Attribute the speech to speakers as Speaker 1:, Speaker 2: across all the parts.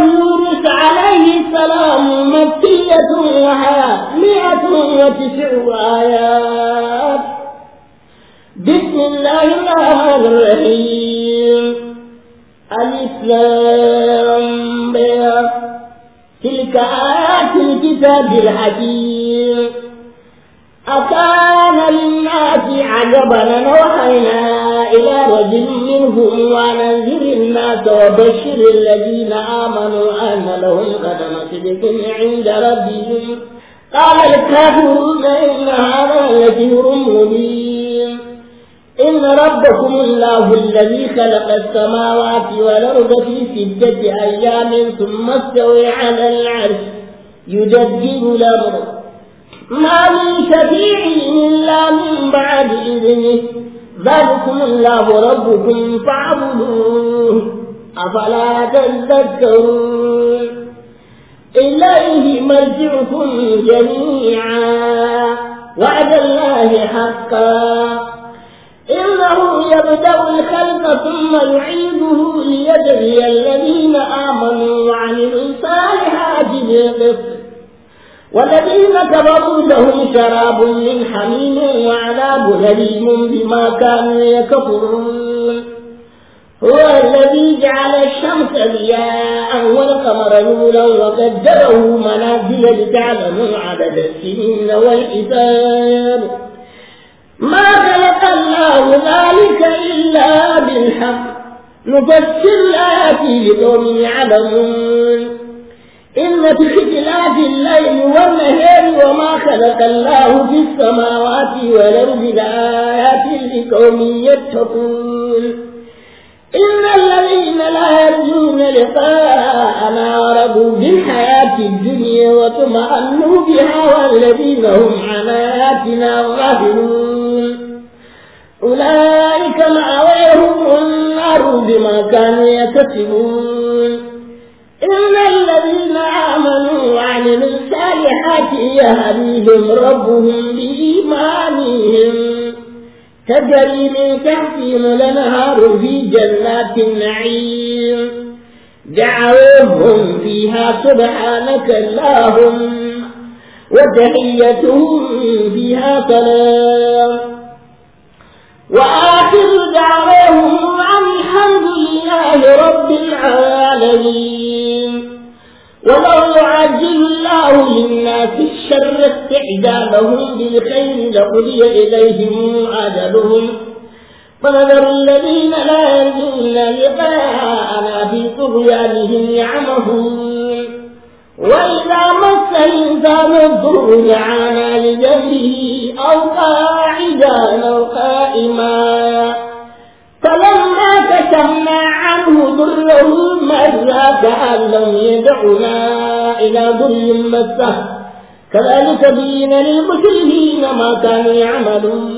Speaker 1: يونس عليه السلام مكية لها مئة وتسع آيات بسم الله الرحمن الرحيم الإسلام تلك آيات الكتاب الحكيم أكان للناس عجبا وحينا إلى رجل منهم ونذر الناس وبشر الذين آمنوا أن لهم قدم صدق عند ربهم قال الكافرون إن هذا لسحر مبين إن ربكم الله الذي خلق السماوات والأرض في ستة أيام ثم استوى على العرش يدبر الأمر ما من شفيع إلا من بعد إذنه ذلكم الله ربكم فاعبدوه أفلا تذكرون إليه مرجعكم جميعا وعد الله حقا إنه يبدأ الخلق ثم يعيده ليجري الذين آمنوا وعملوا الصالحات بالقسط والذين كفروا لهم شراب من حميم وعذاب أليم بما كانوا يكفرون هو الذي جعل الشمس ضياء والقمر نورا وقدره منازل لتعلموا عدد السنين والحساب ما خلق الله ذلك إلا بالحق نفسر الآيات لقوم يعلمون في اختلاف الليل والنهار وما خلق الله في السماوات والأرض لآيات لقوم يتقون إن الذين لا يرجون لقاءنا ورضوا بالحياة الدنيا وطمأنوا بها والذين هم عن آياتنا غافلون أولئك مأواهم النار بما كانوا يكسبون إن الذين آمنوا وعملوا الصالحات يهديهم ربهم بإيمانهم تجري من تحتهم الأنهار في جنات النعيم دعوهم فيها سبحانك اللهم وتحيتهم فيها سلام وآخر دعوهم عن الحمد لله رب العالمين ولو يعجل الله للناس الشر استعجالهم بالخير لقضي إليهم عجلهم فنذر الذين لا يرجون لقاءنا في طغيانهم يعمهون وإذا مس الإنسان الضر دعانا لجهله أو قاعدا أو قائما فلما كشفنا يدعو ضره مرة كأن لم يدعنا إلى ضر مسه كذلك بين للمشركين ما كانوا يعملون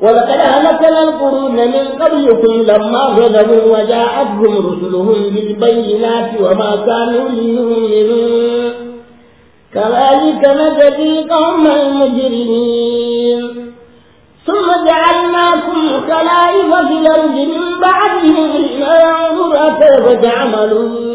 Speaker 1: ولقد أهلكنا القرون من قبلكم لما ظلموا وجاءتهم رسلهم بالبينات وما كانوا ليؤمنون كذلك نجزي قوم المجرمين ثم جعلناكم خلائف في الأرض من بعدهم لننظر كيف تعملون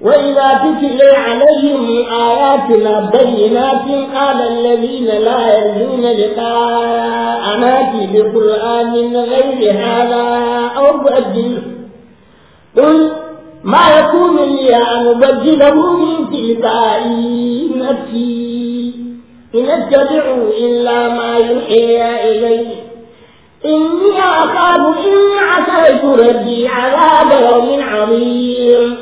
Speaker 1: وإذا تتلي عليهم آياتنا بينات قال الذين لا يرجون لقاء ناتي بقرآن غير هذا أو بدله قل ما يكون لي أن أبدله من تلقاء نفسي إن اتبعوا إلا ما يوحي إلي إني أخاف إن عصيت ربي عذاب يوم عظيم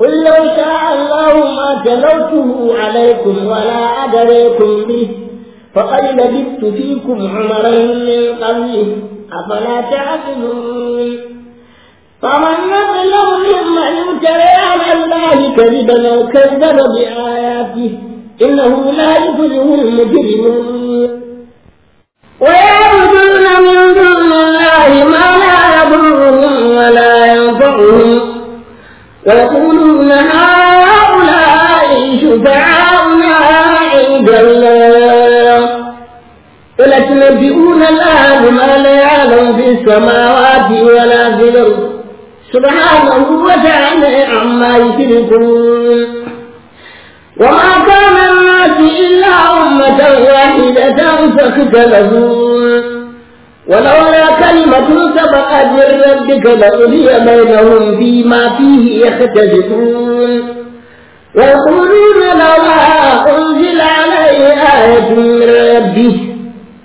Speaker 1: قل لو شاء الله ما تلوته عليكم ولا أدريكم به فقد لبثت فيكم عمرا من قبله أفلا تعقلون فمن يظلم ممن يتبع على الله كذبا أو كذب بآياته إنه لا يفلح المجرمون ويعبدون من دون الله ما لا يضرهم ولا ينفعهم ويقولون هؤلاء شفعاؤنا عند الله قل أتنبئون الله بما لا يعلم في السماوات ولا في الأرض سبحانه وتعالى عما يشركون وما أمة واحدة فاختلفوا ولولا كلمة سبقت من ربك لقضي بينهم فيما فيه يختلفون ويقولون لولا أنزل عليه آية من ربه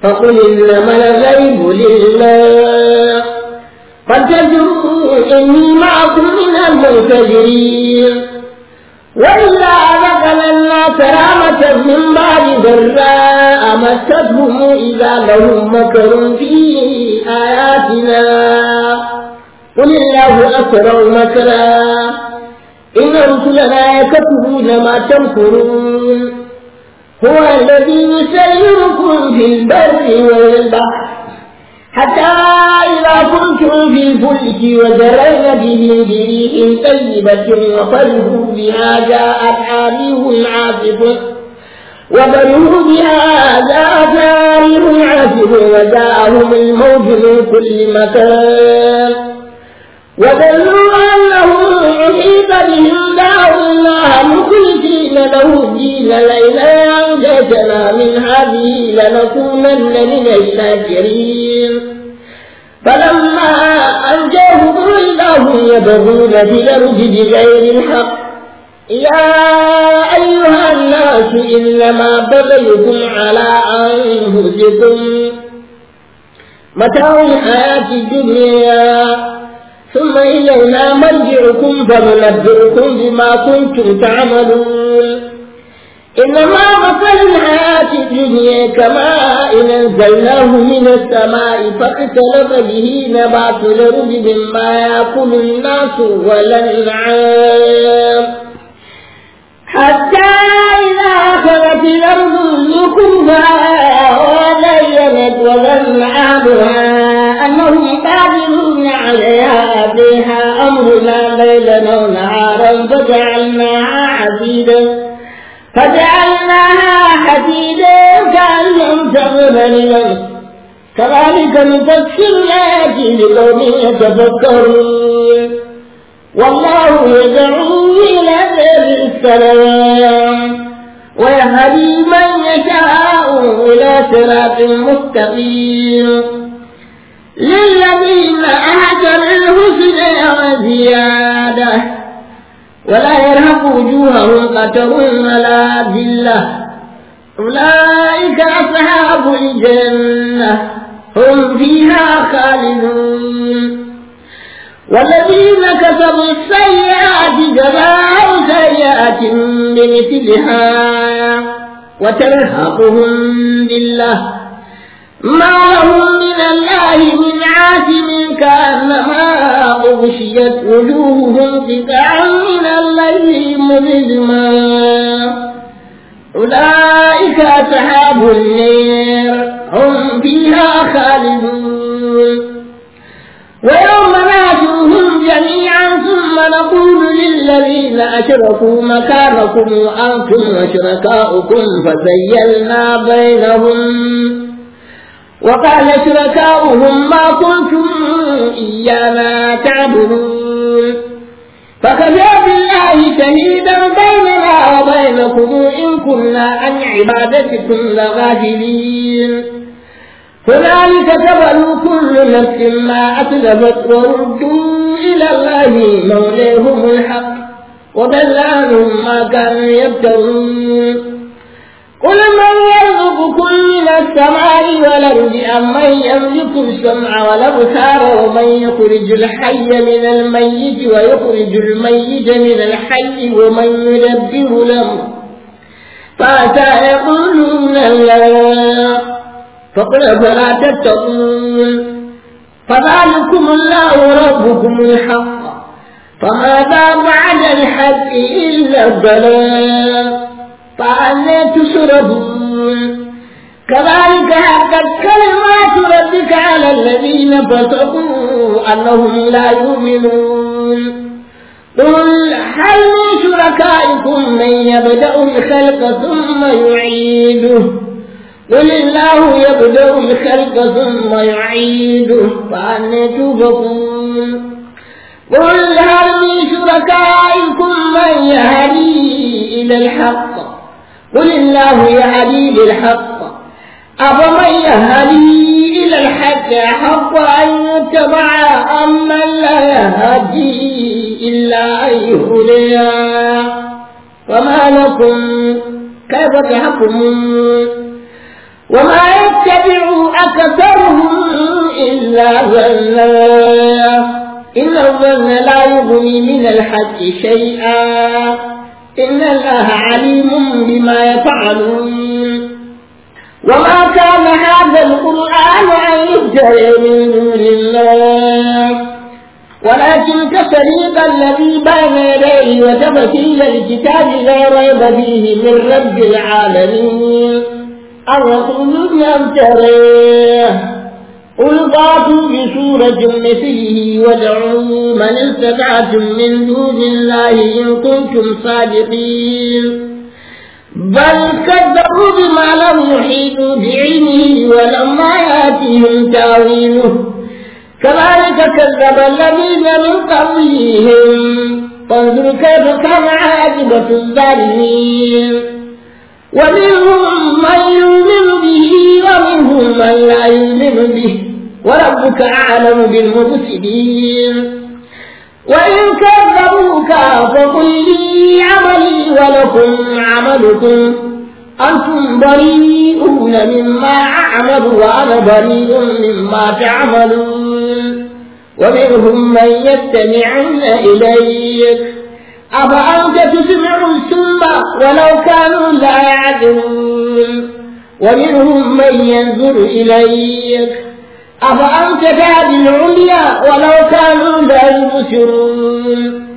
Speaker 1: فقل إنما الغيب لله فانتظروا إني معكم من المنتظرين وإلا ظللنا كرامة من بعد ذراء مستهم إذا لهم مكر في آياتنا قل الله أسرع مكرا إن رسلنا يكتبون ما تمكرون هو الذي يسيركم في البر والبحر حتى إذا كنتم في الفلك وجرين به بريح طيبة وفرحوا بها جاءت عاريه عاصف وفرحوا بها جاءت عاريه عاصف وجاءهم الموت من كل مكان وظنوا أنه أحيط بهم دعوا الله مخلصين له الدين ليلا أنجتنا من هذه لنكونن من الشاكرين فلما أنجاهم إذا هم يبغون في الأرض بغير الحق يا أيها الناس إنما بغيكم على أنفسكم متاع الحياة الدنيا ثم إلينا مرجعكم فننبئكم بما كنتم تعملون إنما مثل الحياة الدنيا كماء إن أنزلناه من السماء فاختلف به نبات الأرض مما يأكل الناس والأنعام حتى إذا أخذت الأرض لكمها ولينت وظن عامها إنهم قادرون على أبيها أمرنا ليلا ونهارا فجعلناها حديدا فجعلناها حديدا كأن لم تغن كذلك نفسر الآيات لقوم يتفكرون والله يدعو إلى دار السلام ويهدي من يشاء إلى صراط مستقيم للذين أحسنوا الحسنى وزيادة ولا يرهق وجوههم قتر ولا ذلة أولئك أصحاب الجنة هم فيها خالدون والذين كسبوا السيئات جزاء سيئات بمثلها وترهقهم بالله ما لهم من الله من عاتم كأنما أغشيت وجوههم قطعا من الليل مظلما أولئك أصحاب النير هم فيها خالدون ويوم ناتوهم جميعا ثم نقول للذين أشركوا مكانكم وأنتم وشركاؤكم فزيلنا بينهم وقال شركاؤهم ما كنتم ما تعبدون فكفى بالله شهيدا بيننا وبينكم إن كنا عن عبادتكم لغافلين هنالك تبلو كل نفس ما أسلفت وردوا إلى الله مولاهم الحق وضل عنهم ما كانوا يبتغون السماء والأرض أمن يملك السمع والأبصار ومن يخرج الحي من الميت ويخرج الميت من الحي ومن يدبر الأمر فسيقولون لا فقل فلا تتقون فذلكم الله ربكم الحق فماذا بعد الحق إلا الضلال فأنا تشربون كذلك حقت كلمات ربك على الذين فسقوا أنهم لا يؤمنون قل هل من شركائكم من يبدأ الخلق ثم يعيده قل الله يبدأ الخلق ثم يعيده فأنا توبكم قل هل من شركائكم من يهدي إلى الحق قل الله يهدي بالحق
Speaker 2: أفمن يهدي
Speaker 1: إلى الحق حق أن يتبع أم من لا يهدي إلا أن يهدي وما لكم كيف تحكمون وما يتبع أكثرهم إلا ظنا إن الظن لا يغني من الحق شيئا إن الله عليم بما يفعلون وما كان هذا القرآن أن يفتري من دون الله ولكن كفريق الذي بين يديه وتفسير الكتاب لا ريب فيه من رب العالمين الرسول لم تريه قل فاتوا بسورة مثله وادعوا من استطعتم من دون الله إن كنتم صادقين بل كذبوا بما لم يحيطوا بعلمه ولما ياتيهم تاويله كذلك كذب الذين من قبلهم فانظر كيف كان عاجبة الظالمين ومنهم من يؤمن به ومنهم من لا يؤمن به وربك أعلم بالمفسدين وإن كذبوك فقل لي عملي ولكم عملكم أنتم بريئون مما أعمل وأنا بريء مما تعملون ومنهم من يستمعون إليك أفأنت تسمع السم ولو كانوا لا يعلمون ومنهم من ينظر إليك أفأنت تهدي العليا ولو كانوا لا يبصرون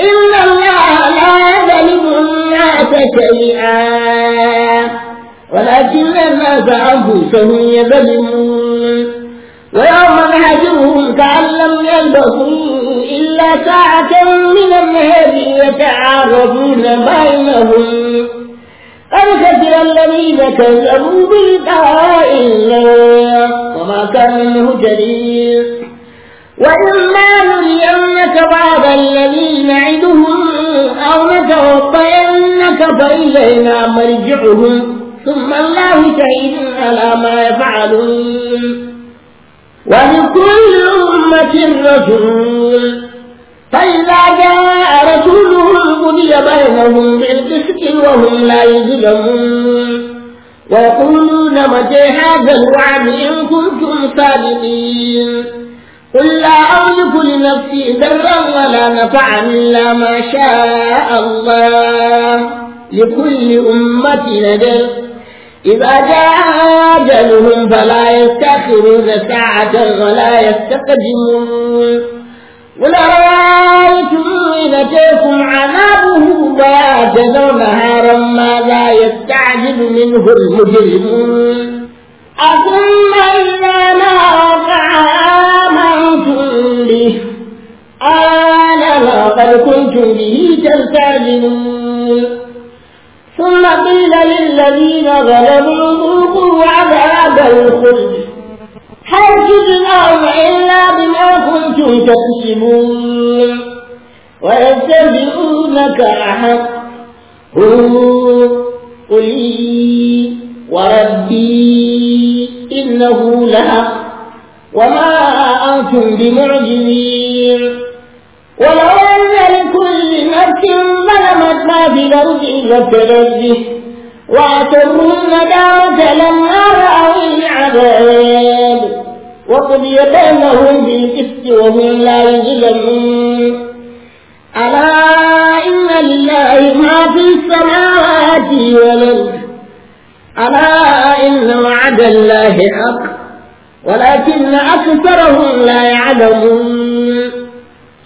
Speaker 1: إن الله لا يظلم الناس شيئا ولكن الناس أنفسهم يظلمون ويوم نهجرهم كأن لم يلبثوا إلا ساعة من النهار يتعارفون بينهم فنكفرن الذين كذبوا بلقاء الله وما كان مِنْهُ جَلِيلٌ وإما نرينك بعض الذي نعدهم أو نتوفينك فإلينا مرجعهم ثم الله شهيد على ما يفعلون ولكل أمة رسول فإذا جاء رسولهم قضي بينهم بالقسط وهم لا يظلمون ويقولون متى هذا الوعد إن كنتم صادقين قل لا أملك لنفسي ضرا ولا نفعا إلا ما شاء الله لكل أمة نجل إذا جاء أجلهم فلا يستأخرون ساعة ولا يستقدمون ولأرأيتم إن أتاكم عذابه بياتا ونهارا ماذا يستعجل منه المجرمون أثم إذا ما وقع آمنتم به آلم قد كنتم به تستعجلون ثم قيل للذين ظلموا ذوقوا عذاب الخلد هل تجزون إلا بما كنتم تكسبون ويتبعونك أحق هو قلي وربي إنه لحق وما أنتم بمعجزين ولو أن لكل نفس ظلمت ما في الأرض لابتدت به وأسروا الندامة لما رأوا العذاب وقضي بينهم بالقسط وهم لا يظلمون ألا إن لله ما في السماوات والأرض ألا إن وعد الله حق ولكن أكثرهم لا يعلمون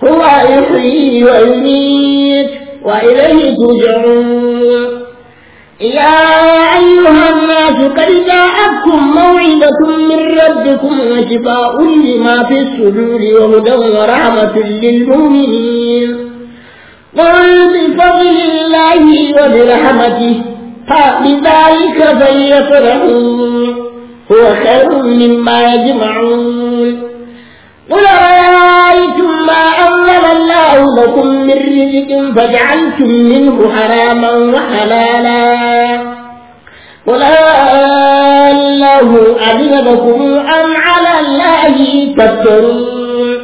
Speaker 1: هو يحيي ويميت وإليه ترجعون يا أيها الناس قد جاءتكم موعظة من ربكم وشفاء لما في الصدور وهدى ورحمة للمؤمنين قل بفضل الله وبرحمته فبذلك فليفرحوا هو خير مما يجمعون قل رأيتم ما أنزل الله لكم من رزق فجعلتم منه حراما وحلالا قل الله أذن لكم أم على الله تفترون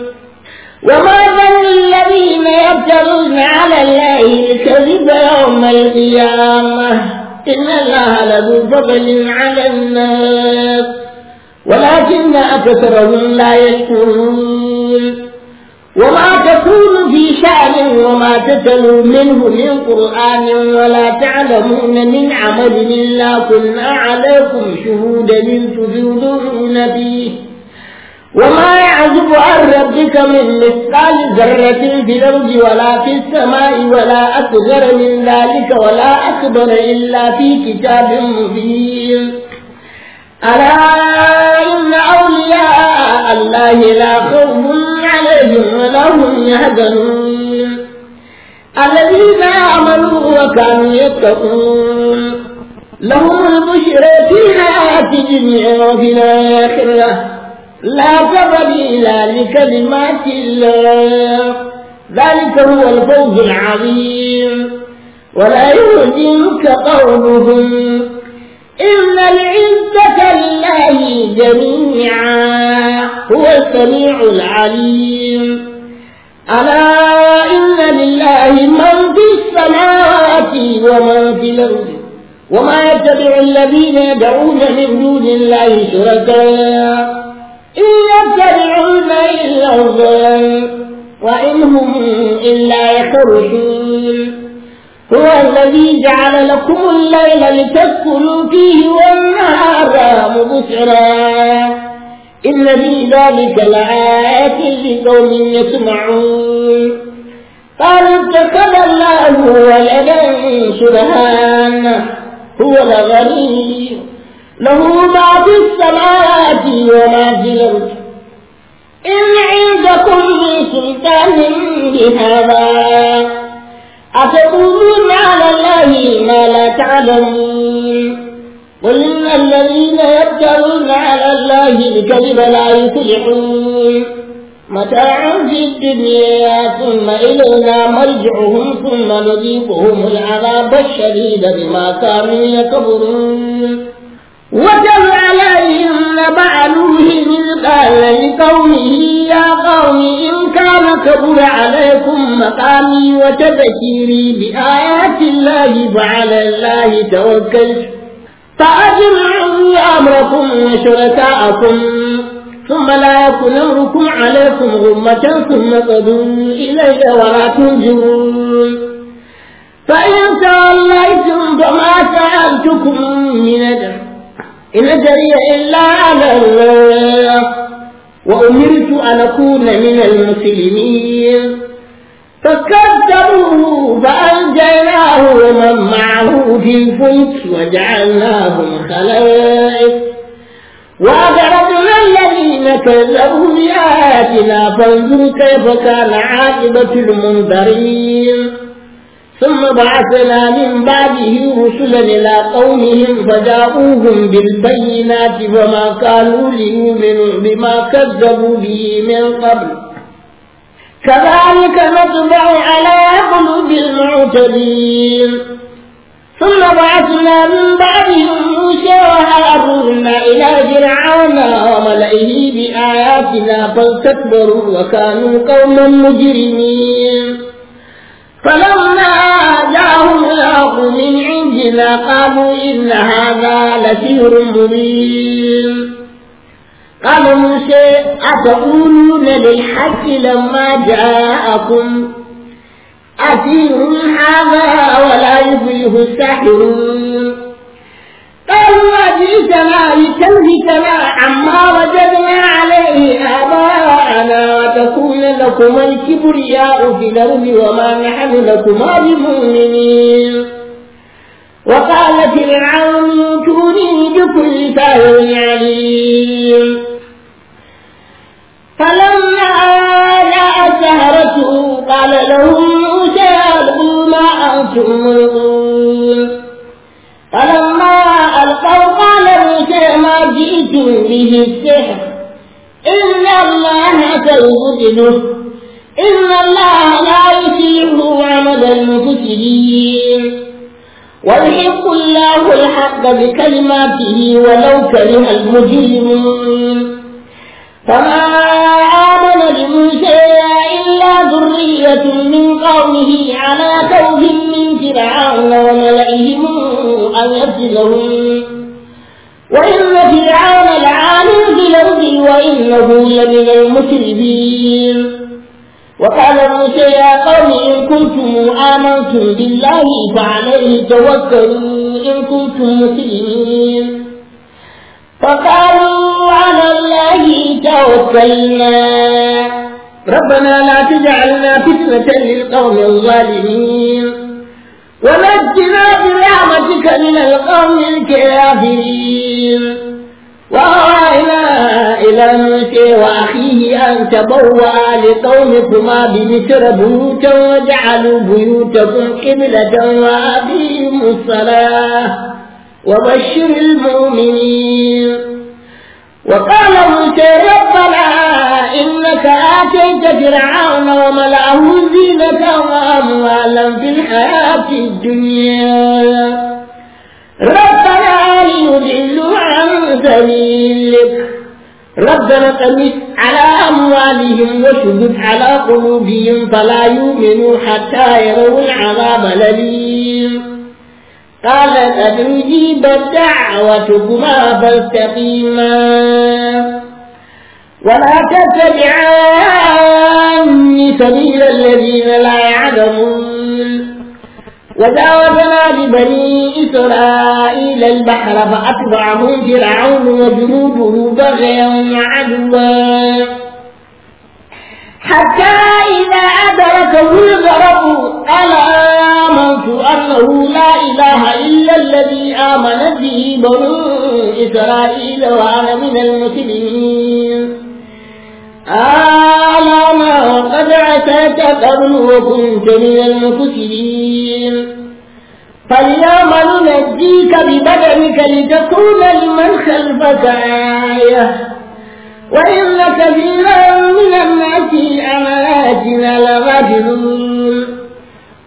Speaker 1: وما ظن الذين يفترون على الله الكذب يوم القيامة إن الله لذو فضل على الناس ولكن أكثرهم لا يشكرون وما تكون في شأن وما تتلو منه من قرآن ولا تعلمون من عمل إلا كنا عليكم شهودا إذ تفيضون فيه وما يعزب عن ربك من مثقال ذرة في الأرض ولا في السماء ولا أصغر من ذلك ولا أكبر إلا في كتاب مبين ألا إن أولياء الله لا خوف عليهم ولا هم يحزنون الذين آمنوا وكانوا يتقون لهم البشرى في الحياة الدنيا وفي الآخرة لا تبديل لكلمات الله ذلك هو الفوز العظيم ولا يهزمك قولهم إن العزة لله جميعا هو السميع العليم ألا إن لله من في السماوات ومن في الأرض وما يتبع الذين يدعون من دون الله شركاء إن يتبعون إلا الظلم وإن هم إلا يخرجون هو الذي جعل لكم الليل لتسكنوا فيه والنهار مبصرا إن في ذلك لآيات لقوم يسمعون قال اتخذ الله ولدا سبحانه هو الغني له ما في السماوات وما في الأرض إن عندكم من سلطان بهذا أتقولون على الله ما لا تعلمون قل إن الذين يَبْتَرُونَ على الله الكذب لا يفلحون متاعا في الدنيا ثم إلينا مرجعهم ثم نذيقهم العذاب الشديد بما كانوا يكفرون وتل عليهم نبع نوح إذ قال لقومه كبر عليكم مقامي وتبشيري بآيات الله وعلى الله توكلت فأجمعوا أمركم وشركاءكم ثم لا يكن أمركم عليكم غمة ثم قدوا إلي ولا تنجرون فإن توليتم فما سألتكم من أجر إن أجري إلا على الله وأمرت أن أكون من المسلمين فكذبوه فأنجيناه ومن معه في الفلك وجعلناهم خلائف وأغرقنا الذين كذبوا بآياتنا فانظر كيف كان عاقبة المنذرين ثم بعثنا من بعده رسلا إلى قومهم فجاءوهم بالبينات وما كانوا ليؤمنوا بما كذبوا به من قبل كذلك نطبع على قلوب المعتدين ثم بعثنا من بعدهم موسى وهارون إلى فرعون وملئه بآياتنا فاستكبروا وكانوا قوما مجرمين فلما من عندنا قالوا إن هذا لسير مبين قال موسى أتقولون للحق لما جاءكم أسير هذا ولا يفلح الساحر قالوا أجئتنا لتنهكنا عما وجدنا عليه آباءنا وتكون لكما الكبرياء في الأرض وما نحن لكما بمؤمنين وقال فرعون ائتوني بكل فاعل عليم فلما جاء سهرته قال لهم موسى القوا ما انتم ملقون فلما القوا قال موسى ما جئتم به السحر ان الله سيبطله ان الله لا يصلح عمل المفسدين والحق الله الحق بكلماته ولو كره المجرمون فما آمن لموسى إلا ذرية من قومه على خوف من فرعون وملئهم أن يفسدهم وإن فرعون لعالم في الأرض وإنه لمن المسربين وقال موسى يا قوم إن كنتم آمنتم بالله فعليه توكلوا إن كنتم مسلمين فقالوا على الله توكلنا ربنا لا تجعلنا فتنة للقوم الظالمين ونجنا برحمتك من القوم الكافرين وأوحينا إلى موسى وأخيه أن تبوأ لقومكما بمصر بيوتا واجعلوا بيوتكم قبلة وأبيهم الصلاة وبشر المؤمنين وقال موسى ربنا إنك آتيت فرعون وملأه زينة وأموالا في الحياة الدنيا ربنا تمس على أموالهم وشدد على قلوبهم فلا يؤمنوا حتى يروا العذاب الأليم قال قد أجيبت دعوتكما فاستقيما ولا تتبعان سبيل الذين لا يعلمون وجاوزنا ببني إسرائيل البحر فأتبعهم فرعون وجنوده بغيا وعدوا حتى إذا أدركه الغرب ألا آمنت أنه لا إله إلا الذي آمن به بنو إسرائيل وأنا من المسلمين ما قد عساك قبل وكنت من المفسدين فاليوم ننجيك ببدنك لتكون لمن خلفك آية وإن كثيرا من الناس عن آياتنا لمجنون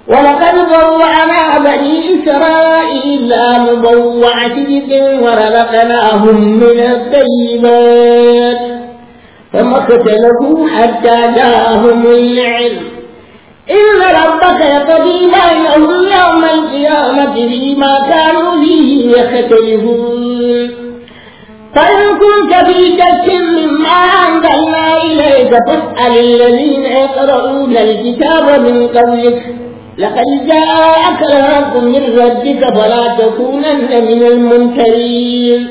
Speaker 1: ولقد ضوعنا بني إسرائيل مبوع صدق ورزقناهم من الطيبات فما اختلفوا حتى جاءهم العلم إن ربك يقضي بينهم يوم القيامة فيما كانوا فيه يختلفون فإن كنت في شك مما أنزلنا إليك فاسأل الذين يقرؤون الكتاب من قبلك لقد جاءك الحق من ربك فلا تكونن من المنكرين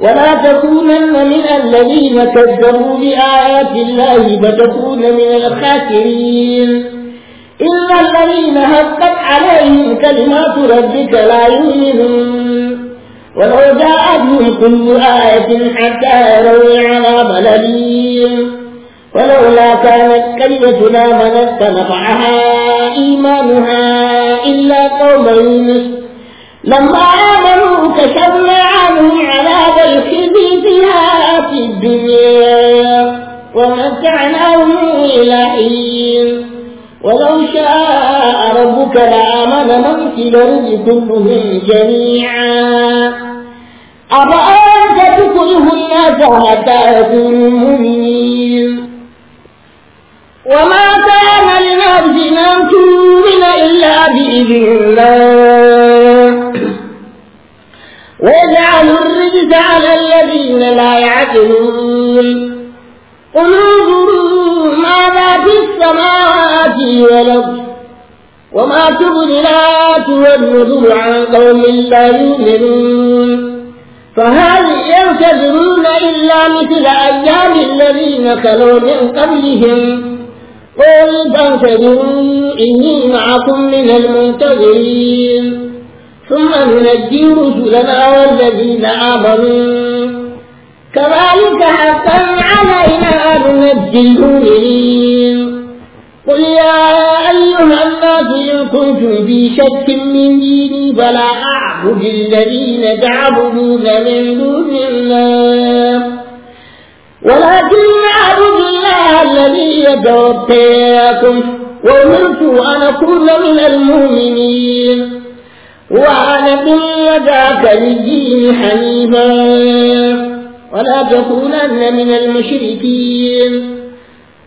Speaker 1: ولا تكونن من الذين كذبوا بآيات الله فتكون من الخاسرين إلا الذين هبت عليهم كلمات ربك لا يؤمنون ولو جاءتهم كل آية حتى يروا العذاب الأليم ولولا كانت كلمتنا منت نفعها إيمانها إلا قوم يونس لما آمنوا كشفنا عنهم عذاب الخزي في الدنيا ومتعناهم إلى حين ولو شاء ربك لآمن من في الأرض كلهم جميعا أرأيت تكره الناس حتى يكون مؤمنين وما كان لنفس أن تؤمن إلا بإذن الله ويجعل الرجس على الذين لا يعقلون قل انظروا في السماوات والأرض وما تغني الآيات والنذر عن قوم لا يؤمنون فهل ينتظرون إلا مثل أيام الذين خلوا من قبلهم قل فانتظروا إني معكم من المنتظرين ثم ننجي رسلنا والذين آمنوا كذلك حقا علينا ننجي المؤمنين قل يا أيها الناس إن كنتم في شك من ديني فلا أعبد الذين تعبدون من دون الله ولكن أعبد الله الذي يتوفاكم وأمرت أن أكون من المؤمنين وأنا كل ذاك للدين حنيفا ولا تكونن من المشركين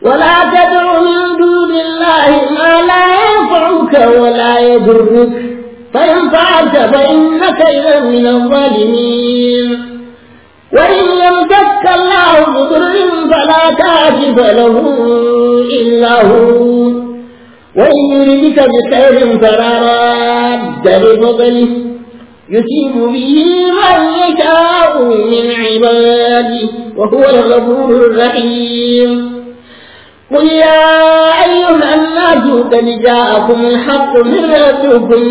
Speaker 1: ولا تدع من دون الله ما لا ينفعك ولا يضرك فإن فعلت فإنك إذا من الظالمين وإن يمسك الله بضر فلا كاشف له إلا هو وإن يردك بخير فلا راد لفضله يجيب به من يشاء من عباده وهو الغفور الرحيم قل يا أيها الناس قد جاءكم الحق من ربكم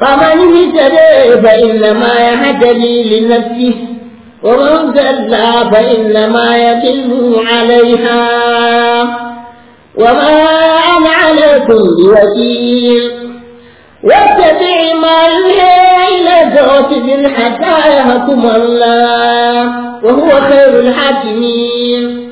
Speaker 1: فمن اهتدى فإنما يهتدي لنفسه ومن كذب فإنما يضل عليها وما أنا عليكم بوكيل واتبع ما يوحى حافظ حتى يحكم الله وهو خير الحاكمين